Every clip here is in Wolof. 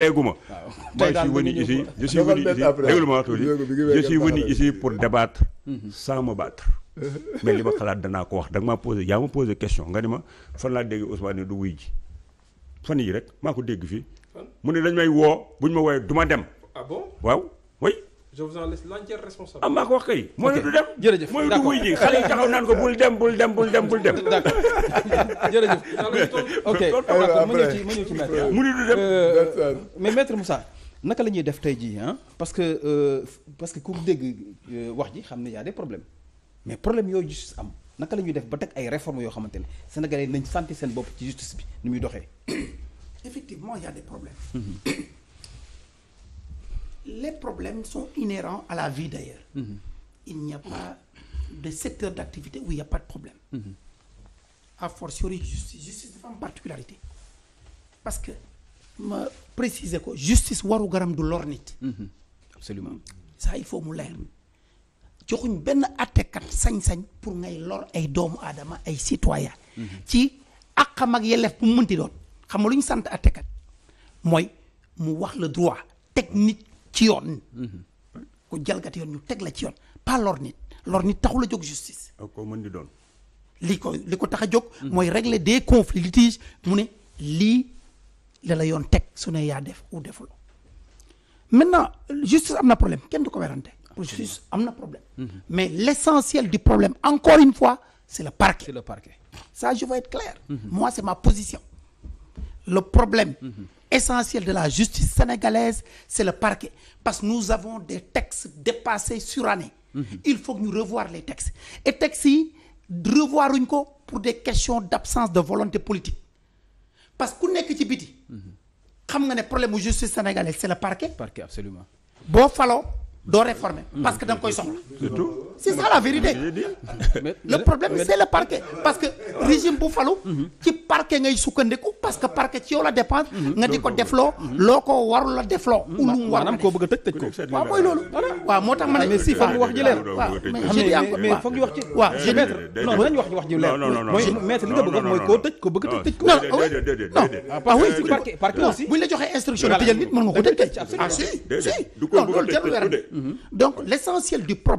Moi, ma suis venu ici, je suis venu ici, je suis venu ici pour débattre mhm. sans ma battre. mais li ma xalaat danaa ko wax da ma maa posé yaa ma posé question nga ni ma fan laa dégg Ousmane du wuy ji fan yii rek maa ko dégg fii mu ne dañ may woo bu ñu ma woowee du ma dem. ah waaw. je vous en laisse l'entière responsabilité. am ah, maa ko wax kay. mooy du dem jërëjëf mooy du wuy ji xale ko bul dem bul dem bul dem bul dem. d'accord jërëjëf. ok ma ñëw ma ñëw ci maître. mu ni du dem. Euh, mais maître Moussa naka la ñuy def tey jii ah parce que euh, parce que ku dégg euh, wax ji xam ne y a problème mais problème yooyu justice am naka la ñuy def ba teg ay réformes yoo xamante ne sénégalais nañ santi seen bopp ci justice bi ni muy doxee. effectivement y a des les problèmes sont inhérents à la vie d'ailleurs mm-hmm. il n'y pas de secteur d'activité où il n'y pas de problème mm -hmm. a justice justice dafa particularité parce que ma préciser ko justice waru garam du lor nit mm-hmm. absolument ça il faut mu leer joxuñ benn àttekat sañ-sañ pour ngay lor ay doomu aadama ay citoyen mm-hmm. ci àqam ak yelleef bu mu mënti doon xam nga lu ñu sant àttekat mooy mu wax le droit technique ci yoon. Mhm. ku jalgati yoon ñu teg la ci yoon pas lor nit lor nit a jóg justice. ko mën di doon. li ko li ko tax a jóg. Mhm. mooy régler des conflits litiges mu ne lii la la yoon teg su ne yaa def ou defuloo maintenant justice am na problème kenn du ko werante justice am na problème. Mhm. mais l' essentiel du problème encore une fois c' est le parquet. c' est le parquet ça je veux être clair. moi c' ma position. le problème. essentiel de la justice sénégalaise c'est le parquet parce que nous avons des textes dépassés surannés mm -hmm. il faut que ñu revoir les textes et textes yi revoiruñ ko pour des questions d'absence de volonté politique parce que ku nekk ci biti mhm. xam nga ne problème mu justice sénégalaise c'est le parquet parquet absolument boo faloo doo réformer mhm. parce que da nga koy soxla surtout c'est ça la vérité le problème c'est le parquet parce que régime bu mhm. parquet ngay sukkandiku parce que parquet ci yow la dépendre. Mhm. nga di ko defloo. loo ko warul la defloo. ulum war a moo tax ma ne. si foog ñu wax ji leer. mais foog ñu wax wax ji leer. mooy maître li nga bëgg mooy a tëj ko. non non ah, oui si parquet parquet aussi. bu ñu la joxee instruction tëjal nit mën nga ko tëj ah, tëj.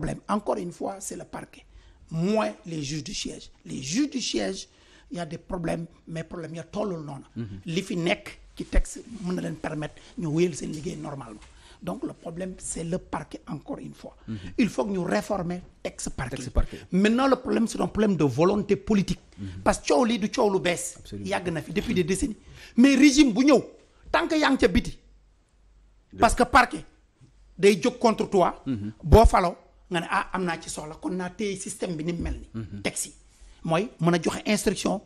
ah encore une fois c'est le parquet moins les juges du siège les juges du siège y a des problèmes mais problème ya tollul noonu. li fi nekk ci texte mun na leen permettre ñu wéyal seen liggéey normalement donc le problème c'est le parquet encore une fois. Mm -hmm. il faut que ñu réformer texte parquet. texte parquet maintenant le problème c'est un problème de volonté politique. Mm -hmm. parce que coow lii du coow lu bees. yàgg na fi depuis de décennies. mais régime bu ñëw tant que yaa ngi ca biti. parce que parquet day jóg contre toit mhm. boo faloo nga ne ah am naa ci soxla kon naa téye système bi ni mel ni. Mhm. texte yi. mooy mën a joxe instruction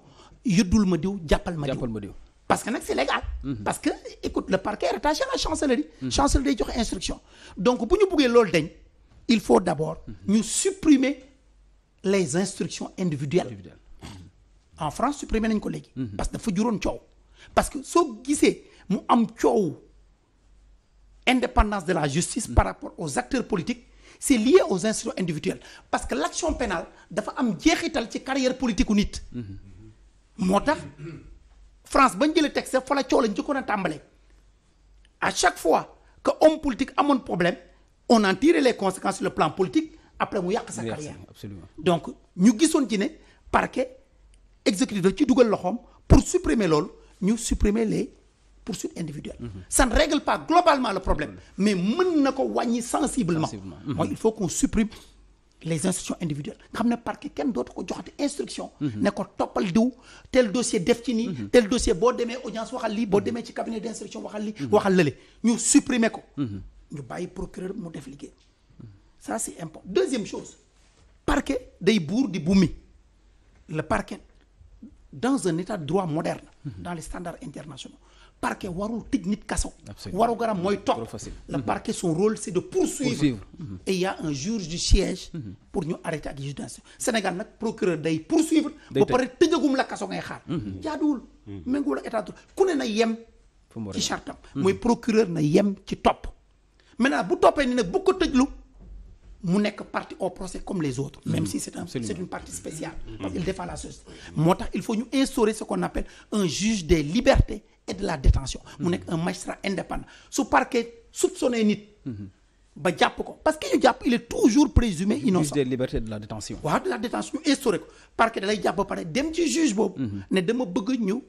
yëddul ma diw jàppal ma diw parce que nag c'est légal mhm. parce que écoute le parquet est rattaché à la chancellerie mhm. chancellerie joxe instruction donc bu ñu buggee loolu dañ il faut d'abord mhm. ñu supprimer les instructions individuelles en France supprimer nañ ko léegi parce que dafa juróon coow parce que soo gisee mu am coow indépendance de la justice par rapport aux acteurs politiques c'est lié aux institutions individuelles parce que l'action pénale dafa am jeexital ci carrière politique u nit moo tax France bañ jëlee texte fa la coow lañ njëkkoon a tàmbalee à chaque fois que homme politique amoon problème on en tire les conséquence sur le plan politique après mu yàq sa carrière absolument donc ñu gisoon ci ne parquet exécutif ci dugal loxoom pour supprimer loolu ñu supprimer les poursuite individuelle. Mhm. ça ne règle pas globalement le problème mais mën na ko wàññi sensiblement. mooy mhm. il faut qu'on supprime les instructions individuelles nga xam ne parquet kenn dootu ko joxati instruction. Mhm. ne ko toppal diw tel dossier def ci nii. tel dossier boo demee audience waxal lii boo demee ci cabinet d'instruction waxal lii. waxal lële ñu supprimer ko. ñu bàyyi procureur mu def liggéey ça c'est important deuxième chose parquet day buur di bumi le parquet dans un état de droit dans les standards internationaux. parquet warul tëj nit kaso waru garam mooy topp le mm-hmm. parquet son rôle c'est de poursuivre mm-hmm. et il un juge du siège mm-hmm. pour ñu arrêter ak juge d'instruction Sénégal nag procureur day poursuivre ba pare tëjagum la kaso ngay xaar jaaduwul méngoowul ak état de ku na yem ci chartam mooy procureur na yem ci topp maintenant bu toppee ni nag bu ko lu mu nekk partie au procès comme les autres même si c'est un c'est une partie spéciale parce qu'il défend la société moo tax il faut ñu instaurer ce qu'on appelle un juge des libertés et de la détention mu nekk un magistrat indépendant su parquet soupçonné nit ba jàpp ko parce que ñu jàpp il est toujours présumé innocent juge des libertés de la détention waaw de la détention ñu instauré ko parquet dalay jàpp ba pare dem ci juge boobu mhm. ne dama bëgg ñu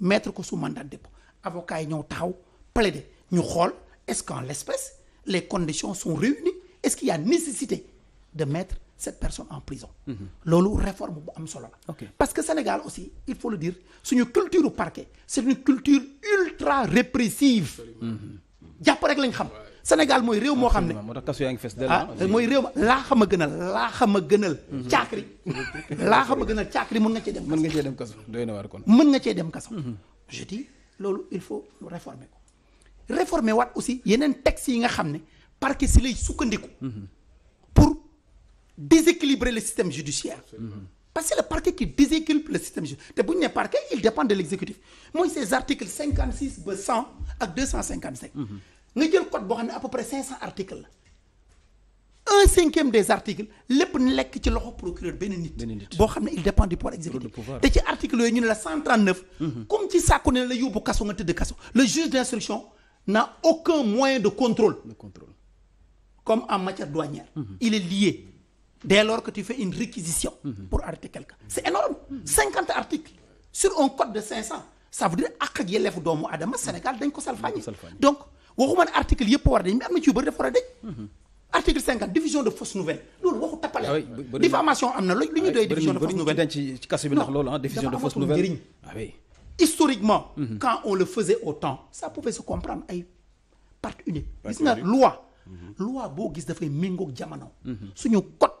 mettre ko su mandat de dépôt avocat yi ñëw taxaw plaider ñu xool est-ce qu'en l'espèce les conditions sont réunies est-ce qu'il y nécessité de mettre cette personne en prison. Mhm. loolu réforme bu am solo la. parce que Sénégal aussi il faut le dire suñu culture parquet c'est une culture ultra répressive. Mhm. jàpp rek lañ xam. Sénégal mooy réew moo xam ne moo tax kaso yaa ngi ah, mooy réew laa xam a gënal laa xam a gënal. caakri laa xam a gënal caakri mën nga cee dem. mën nga cee dem kaso doy na waar kon. mën nga cee dem kaso. Mhm. je dis loolu il faut réformer ko réformer waat aussi yeneen textes yi nga xam ne parquet si lay sukkandiku. déséquilibrer le système judiciaire. Absolument. parce que le parquet qui déséquilibre le système judiciaire te bu ñu nee parquet il dépend de l'exécutif mooy ces articles cinquante six ba cent ak mhm. nga jël code boo xam ne à cinq cent articles la. un cinquième des articles lépp lekk ci loxo procureur benn nit. boo xam ne il dépend du pouvoir exécutif te ci article yooyu ñu ne la 139. Mhm. comme ci sàkku ne la yóbbu kaso nga tëdd kaso. le juge d'instruction n'a aucun dès lors que tu fais une réquisition mhm. pour arrêter quelqu'un c'est énorme cinquante articles sur un code de cinq cents ça veut dire ak ak yelleefu doomu adama Sénégal dañ ko salfaañi donc waxuma ne article yëpp war dañ mais am na ci yu bëri dafa war a dëj mhm. article cinquante diffusion de fausses nouvelles loolu waxu tappale ah diffamation am na lu ñu doy ah diffusion de fausses nouvelles loolu ah diffusion de fausses ah historiquement mhm. quand on le faisait autant ça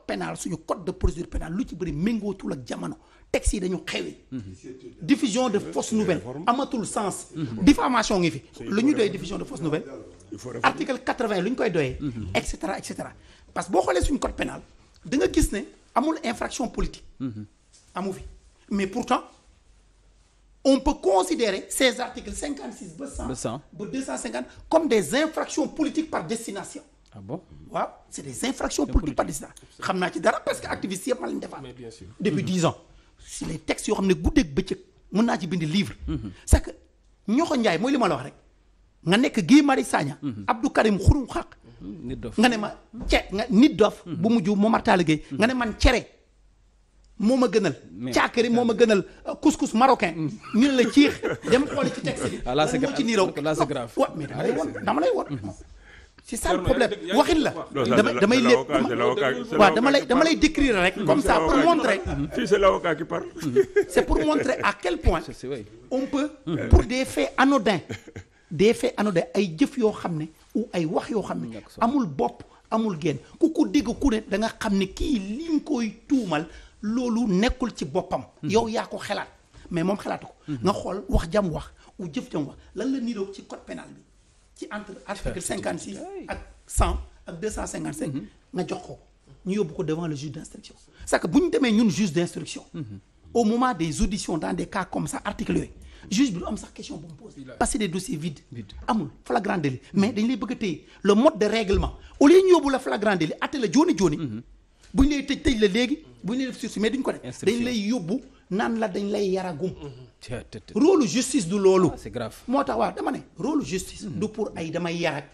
pénal suñu code de procédure pénale lu ci bëri méngootul ak jamono texte yi dañu xewi diffusion de fausses nouvelles amatul sens diffamation ngi fi lu ñu doyee diffusion de fausses nouvelles article lu ñu koy doyee et parce que boo xoolee suñu code pénal da nga gis ne amul infraction politique amu fi mais pourtant on peut considérer ces articles ba 100 ba comme des infractions politiques par destination ah waaw c' est des infractions politiques partisan xam naa ci dara parce que activiste yëpp ma leen defaan. bien sûr depuis dix ans. si les textes yoo xam ne guddeeg bëccëg mën naa ci bind livre. Mhm. c' est que ñoxo mooy li ma la wax rek. nga nekk Guy Marius Sagna. Mhm. Abdou Karim xurum xaq. Mhm. nit dof nga ne ma ce nga nit dof. bu mujj Momar Talla Gueye nga ne man cere. moo ma gënal. caakiri moo ma gënal couscous marocain. ñu ne la ciix dem xooli ci texte bi. Ah, dama lay won dama lay won. ci ça le problème waxin la damay damay lépp waaw dama lay dama lay décrire rek comme ça pour montrer si c'est l'avocat qui parle c'est pour montrer à quel point on peut pour des faits anodins des faits anodins ay jëf yoo xam ne ou ay wax yoo xam ne amul bopp amul genn ku ko dégg ku ne da nga xam ne kii li nga koy tuumal loolu nekkul ci boppam mhm. yow yaa ko xelaat mais moom xelaatu ko mhm. nga xool wax jam wax u jëf jam wax lan la niroog ci code pénal bi ci entre article cinquante six ak cent ak deux cent cinquante cinq mhm. nga jox ko ñu yóbbu ko devant le juge d' instruction c'est bu ñu demee ñun juge d' instruction mhm. au moment des auditions dans des cas comme ça article yooyu juge bi du am sax question bu mu pose parce que des dossiers vides amul flagrant délit mhm. mais dañu lay bëgg a téye le mode de règlement au lieu ñu yóbbu la flagrant délit atte la jooni jooni bu ñu lay tëj tëj la léegi bu ñu lay def sursis naan la dañ lay yaragum. Mhm. rôle justice du loolu. Ah, c'est moo tax waa dama ne rôle justice. du pour ay damay yarag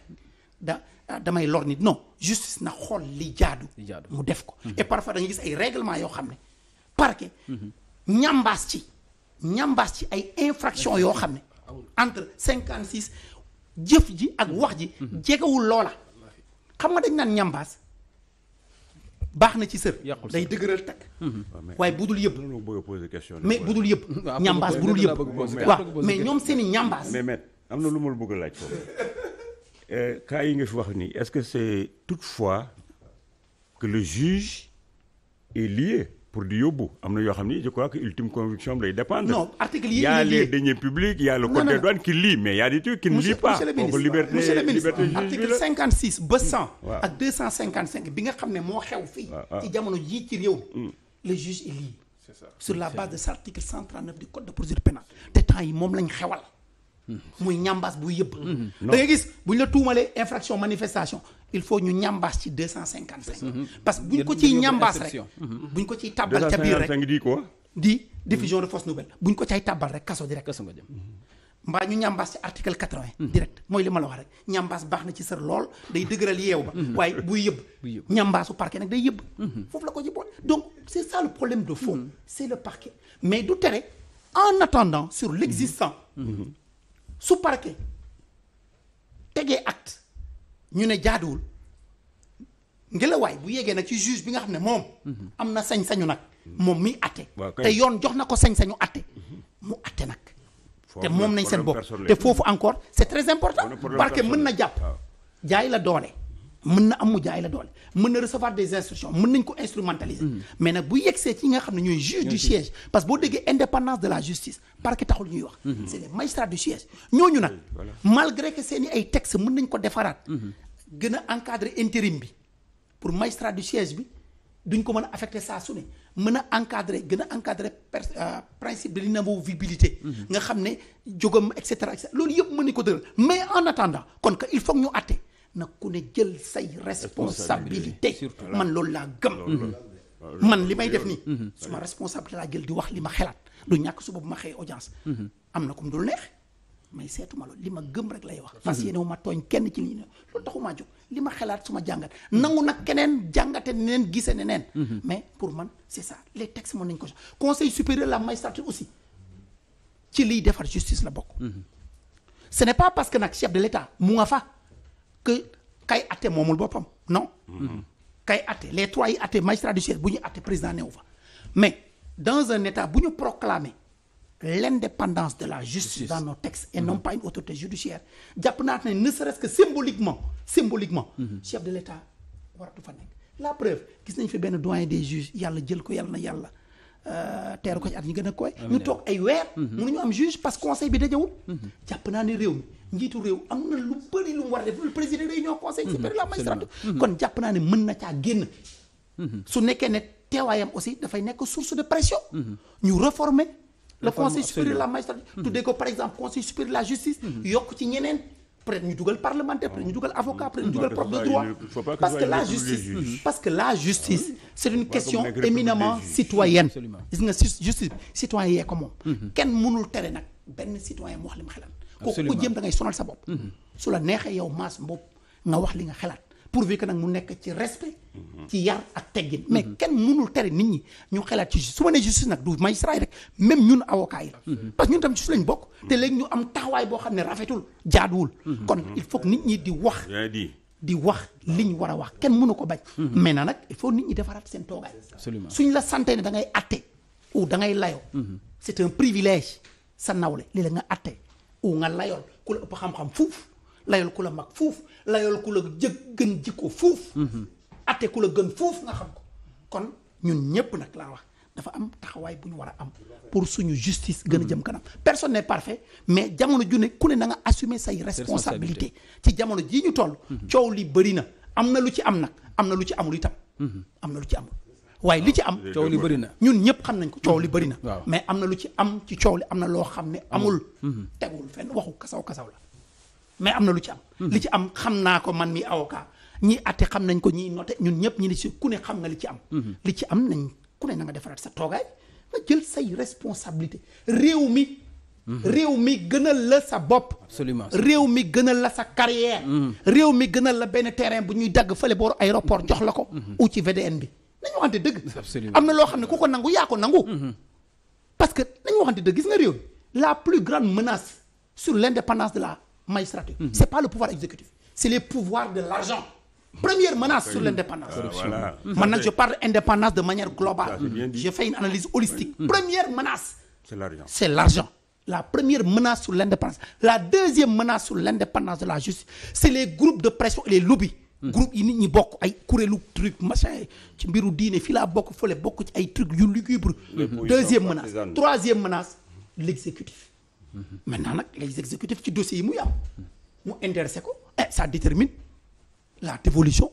da ah, damay lor nit non justice na xool li jaadu. mu def ko. Mhm. et parfois dañuy gis ay réglement yoo xam ne parquet. ñambaas ci ñambaas ci ay infraction yoo xam ne. entre cinquante six jëf ji ak wax ji. Mhm. jegewul loola. xam nga dañ naan ñambaas. baax na ci sër. day dëgëral takk. Mhm. waaye budul yëpp. mais budul yëpp. ñambaas budul yëpp. waaw mais ñoom seen i ñambaas. mais mais am na lu ma la bëgg a laaj foofu. Euh, cas yi nga fi wax nii est-ce que c'est toutefois que le juge est lié. pour di yóbbu am na yoo xam ni je crois que ultime conviction lay dépendre. non article yi il y a les deniers publics code des douanes qui lit mais il y a des trucs qui ne lit pas. monsieur le ministre liberté monsieur ba 100. Mm. ak bi nga xam ne moo xew fii. ci jamono jii ci réew. Mm. le juge il lit. sur la base de cet article 139 du code de procédure pénale te temps yi moom lañ xewal. muy ñambaas buy yëpp. Mm-hmm. Mm-hmm. da ngay gis bu ñu la tuumalee infraction manifestation il faut ñu ñambaas ci mm-hmm. parce que bu ñu ko ciy tàbbal ca biir rek di ko. di nouvelle bu ñu ko cay tàbbal rek kaso direct. mbaa ñu ñambaas ci article quatre vingt. direct mooy li wax rek ñambaas baax na ci sër lool day dëgëral yeew ba. waaye buy yëbb. ñambaasu parquet nag day yëbb. foofu la ko ci boole donc c' est le problème de fond. c' le parquet mais du tere en su parquet tegee acte ñu ne jaaduwul ngelawaay bu yegee nag ci juge bi nga xam ne moom. am na sañ-sañu nag. moom miy atte te yoon jox na ko sañ-sañu atte mu atte nag. te moom nañ seen bopp te foofu encore c'est très important. parce que mën na jàpp jaay la doole. mën na am mu la doole mën na recevoir des instructions mën nañ ko instrumentaliser. Hmm. mais nag bu yegsee ci nga xam ne ñooy juge du siège parce que boo déggee indépendance de la justice parquet taxul ñuy wax. Hmm. c'est les magistrats du siège ñooñu nag. malgré que seen i ay textes mën nañ ko defaraat. Hmm. gën a encadrer intérim bi pour magistrat du siège bi duñ ko mën a affecté saa su ne mën a encadrer gën a encadrer euh, principe de l'inamovibilité nga xam ne jógam et et cetera loolu yëpp mën nañ ko dëral mais en attendant kon que il faut ñu àtte. na ku ne jël say responsabilité man loolu laa gëm mm-hmm. man li may def nii mm-hmm. suma responsabilité laa jël di wax li ma xelaat du ñàkk suba bu ma xëyee audience mm-hmm. am na kum dul neex mais seetuma loolu li ma gëm rek lay wax parce que yéene ma tooñ kenn ci li ne loolu taxumaa jóg li ma xelaat suma jàngat nangu nag keneen jàngate neneen gise neneen mais pour man c'est ça les textes mën nañ ko conseil supérieur la magistrature aussi ci liy defar justice la bokk ce n'est pas que nag chef de que kay atte moomul boppam non. Mm-hmm. kay atte les trois yi atte magistrat du siège bu ñu atte président néew fa mais dans un état bu ñu proclamer l'indépendance de la justice dans nos textes et non mm-hmm. pas une autorité judiciaire jàpp naa ne ne serait-ce que symboliquement symboliquement mm-hmm. chef de l'état waratu fa nekk la preuve gis nañ fi benn doyen des juges yàlla jël ko yàlla na yàlla euh, teeru ko ci at ñu gën a koy ñu toog ay weer ñu am juge parce que conseil bi dajawul jàpp naa ne réew mi njiitu réew am na lu bëri lu mu war a def lu président réunion conseil mhm. supérieur la magistrature kon mhm. jàpp naa ne mën na caa génn mhm. su nekkee ne teewaayam aussi dafay nekk source de pression ñu réformer le conseil supérieur de la magistrature tuddee ko par exemple conseil supérieur la justice yokk ci ñeneen peut-être ñu dugal parlementaire peut-être ñu dugal avocat peut-être ñu dugal de droit parce que la justice parce que la justice c'est une question éminemment citoyenne gis nga justice citoyen yee ko moom kenn mënul tere nag benn citoyen mu li mu xelam kooku ku jéem da ngay sonal sa bopp mm-hmm. su la neexee yow maas mbopp nga wax li nga xalaat pour que nag mu nekk ci respect mm-hmm. ci yar ak teggin mm-hmm. mais kenn mënul tere nit ñi ñu xalaat ci justice su ma nee nag du magistrat yi rek même ñun avocat yi la parce que ñun tam su bokk te léegi ñu am taxawaay boo xam ne rafetul jaaduwul kon il faut nit ñi di wax di wax li ñu war a wax kenn mënu ko bañ maintenant nag il faut nit ñi defaraat seen toogaay suñ la sante ne da ngay atte ou ngay layoo c'est un privilège sa nawle li la nga atte u nga layool ku la ëpp xam-xam fuuf layool ku la mag fuuf layool ku la jëg gën jikko fuuf mhm. atte ku la gën fuuf nga xam ko kon ñun ñépp nag laa wax dafa am taxawaay bu ñu war a am pour suñu justice gën a jëm mhm. kanam personne n'est parfait mais jamono ju ne ku ne na nga assumer say responsabilité ci jamono jii ñu toll mhm. coow li bëri na am na lu ci am nag am na lu ci amul itam am na lu ci amul waaye li ci am coow li bëri na ñun ñëpp xam nañ ko coow li mmh. bëri na mais am na lu ci am ci coow li am na loo xam ne amul mmh. tegul fenn waxu kasaw kasaw la mais am na lu ci am mmh. li ci am xam naa ko man mi avocat ñi atte xam nañ ko ñiy noté ñun ñëpp ñi ni si ku ne xam nga li ci am li ci am nañ ku ne na nga defaraat sa toogaay nga jël say responsabilité réew mi réew mi gënal la sa bopp absolument réew mi gënal la sa carrière réew mi gënal la benn terrain bu ñuy dagg fële booru aéroport jox la ko ci VDN bi nañu waxante dëgg. absolument am na loo xam ne ku ko nangu yaa ko nangu. Mm-hmm. parce que nañu waxante dëgg gis nga réew la plus grande menace sur l'indépendance de la magistrature. Mm-hmm. c'est pas le pouvoir exécutif. c'est les pouvoirs de l'argent. première menace oui. sur l'indépendance. Ah, voilà. maintenant je parle indépendance de manière globale. je fais une analyse holistique. Oui. première menace. c'est l'argent la première menace sur l'indépendance la deuxième menace sur l'indépendance de la justice c'est les groupes de Mm-hmm. groupe yi nit ñi bokk ay kuréelu truc machin ci mbiru diine fii laa bokk fële bokk ci ay truc yu lugubre deuxième menace troisième menace l'exécutif mm-hmm. maintenant nag les exécutifs ci dossiers yi mu yàam mu intéressé ko et eh, ça détermine la dévolution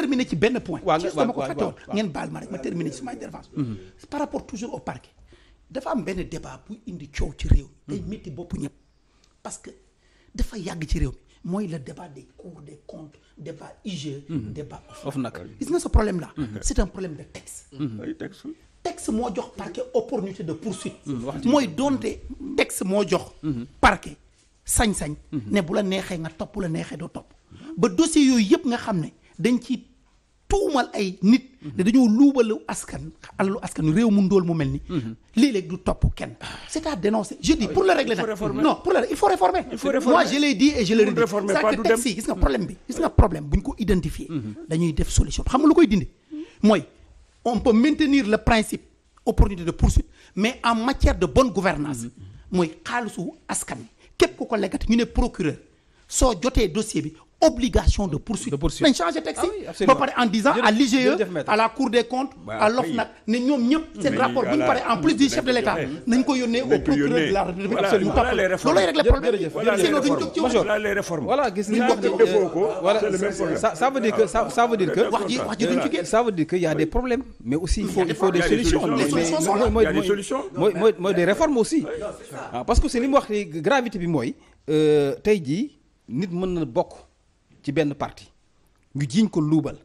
terminer ci benn point. waaw waaw dama ko fàttewoon ngeen baal ma rek ma terminer ci sama intervention. Mhm. par rapport toujours au parquet. dafa am benn débat bu indi coow ci réew mi. Mhm. ñëpp. parce que dafa yàgg ci réew mi mooy le débat des cours des comptes débat IGE. Mhm. débat OFNAC gis na sa problème la c' est un problème de texte. ay texte. texte moo jox parquet opportunité de poursuite. mooy donte texte moo jox. parquet sañ-sañ. ne bu la neexee nga topp la neexee doo topp. ba dossier yooyu yëpp nga xam ne tuumal ay nit. ne dañoo luubalu askan alalu askanu réew mu ndool mu mel ni. Mhm. léeg-léeg du topp kenn. Ah. c'est à dénoncer je dis pour le régler nag. non pour le il faut réformer. il faut réformer moi je l'ai dit et je le redis. c'est que texte mhm. yi bi gis nga problème bu ñu ko identifier. Mhm. dañuy def solution xam nga lu koy dindi. mooy on peut maintenir le principe opportunité de poursuite mais en matière de bonne gouvernance mooy xaalisu askan wi képp ku ko leggati ñu ne procureur soo jotee dossier bi. obligation de poursuite. de poursuite nañ changé ah ba pare en disant à l'IGE à la Cour des comptes. à l'OFNAC ne ñoom ñëpp. seen rapport bu ñu paree en plus du chef de l'État nañ ko yónnee au procureur de la République. problème mais aussi il faut des solutions. mooy mooy mooy réformes aussi. Ah, parce que c'est li wax gravité bi mooy euh, tey jii nit mën na bokk ci benn parti ñu jiiñ ko luubal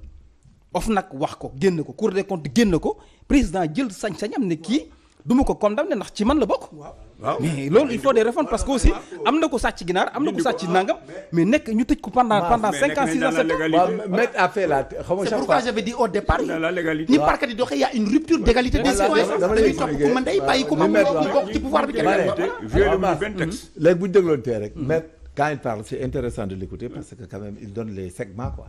of nag wax ko génn ko cour des comptes génn ko président jël sañ-sañam ne kii du ma ko condamné ndax ci man la bokk. waaw mais loolu il faut des réformes parce que aussi am na ko sàcc ginaar am na ko sàcc nangam mais nekk ñu tëj ko pendant pendant cinq ans six ans sept ans. waaw ni parquet di doxee y une rupture d'égalité des citoyens dañuy topp ku mën day bàyyi ku mën bokk ci pouvoir bi. léegi bu ñu dégloon tey rek. Mm-hmm. quand il parle c'est intéressant de l'écouter parce que quand il donne les segments quoi